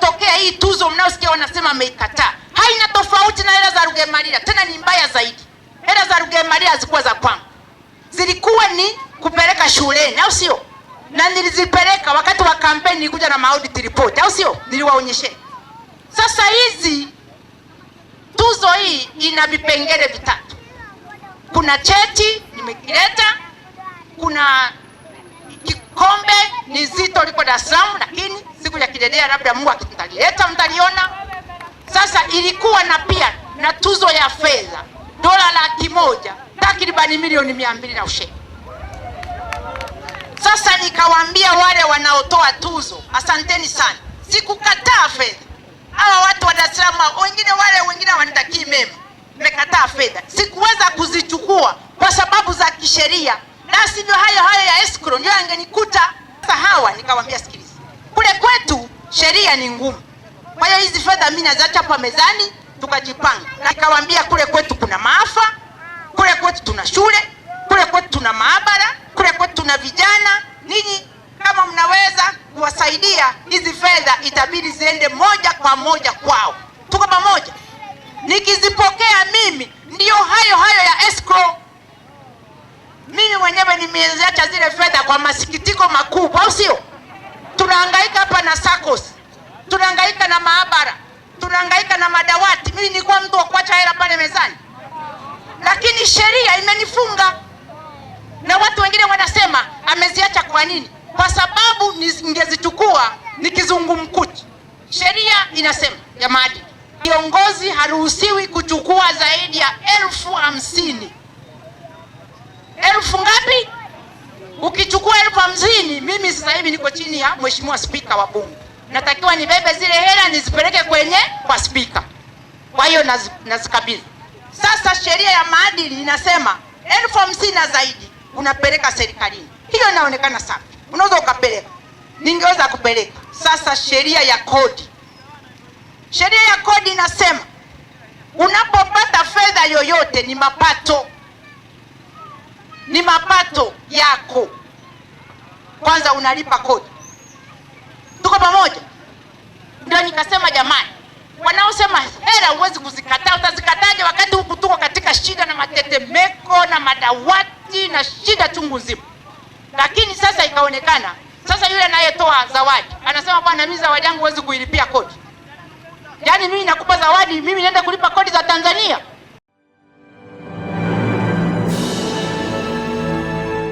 iliyotokea hii tuzo mnaosikia wanasema ameikataa, haina tofauti na hela za Rugemalira, tena ni mbaya zaidi. Hela za Rugemalira zilikuwa za kwangu, zilikuwa ni kupeleka shuleni, au sio? Na nilizipeleka wakati wa kampeni, nilikuja na audit report, au sio? Niliwaonyeshe. Sasa hizi tuzo hii ina vipengele vitatu, kuna cheti nimekileta, kuna kikombe ni zito liko Dar es Salaam lakini siku ya kidedea, labda Mungu akitalileta mtaliona. Sasa ilikuwa na pia na tuzo ya fedha dola laki moja takribani milioni mia mbili na ushe. Sasa nikawaambia wale wanaotoa tuzo, asanteni sana, sikukataa fedha. Hawa watu wa Dar es Salaam wengine, wale wengine wanitakii mema, nimekataa fedha, sikuweza kuzichukua kwa sababu za kisheria, na sivyo hayo hayo ya escrow ndio angenikuta. Sasa hawa nikawaambia sheria ni ngumu. Kwa hiyo hizi fedha mimi naziacha hapa mezani, tukajipanga. Nikawaambia kule kwetu kuna maafa, kule kwetu tuna shule, kule kwetu tuna maabara, kule kwetu tuna vijana. Ninyi kama mnaweza kuwasaidia, hizi fedha itabidi ziende moja kwa moja kwao. Tuko pamoja? Nikizipokea mimi ndiyo hayo hayo ya escrow. Mimi mwenyewe nimeziacha zile fedha kwa masikitiko makubwa, au sio? tunahangaika hapa na SACCOS, tunahangaika na maabara, tunahangaika na madawati. Mimi nilikuwa mtu wa kuacha hela pale mezani, lakini sheria imenifunga. Na watu wengine wanasema ameziacha kwa nini? Kwa sababu ningezichukua nikizungumkuti. Sheria inasema ya maadili, kiongozi haruhusiwi kuchukua zaidi ya elfu hamsini Ukichukua elfu hamsini mimi sasa hivi niko chini ya mheshimiwa spika wa bunge, natakiwa nibebe zile hela nizipeleke kwenye kwa spika, kwa hiyo nazikabidhi. Sasa sheria ya maadili inasema elfu hamsini na zaidi unapeleka serikalini, hiyo inaonekana safi, unaweza ukapeleka, ningeweza kupeleka. Sasa sheria ya kodi, sheria ya kodi inasema unapopata fedha yoyote ni mapato ni mapato yako, kwanza unalipa kodi. Tuko pamoja? Ndio nikasema jamani, wanaosema hela huwezi kuzikataa, utazikataje wakati huku tuko katika shida na matetemeko na madawati na shida chungu nzima? Lakini sasa ikaonekana sasa yule anayetoa zawadi anasema, bwana, mimi zawadi yangu huwezi kuilipia kodi. Yaani mimi nakupa zawadi, mimi naenda kulipa kodi za Tanzania.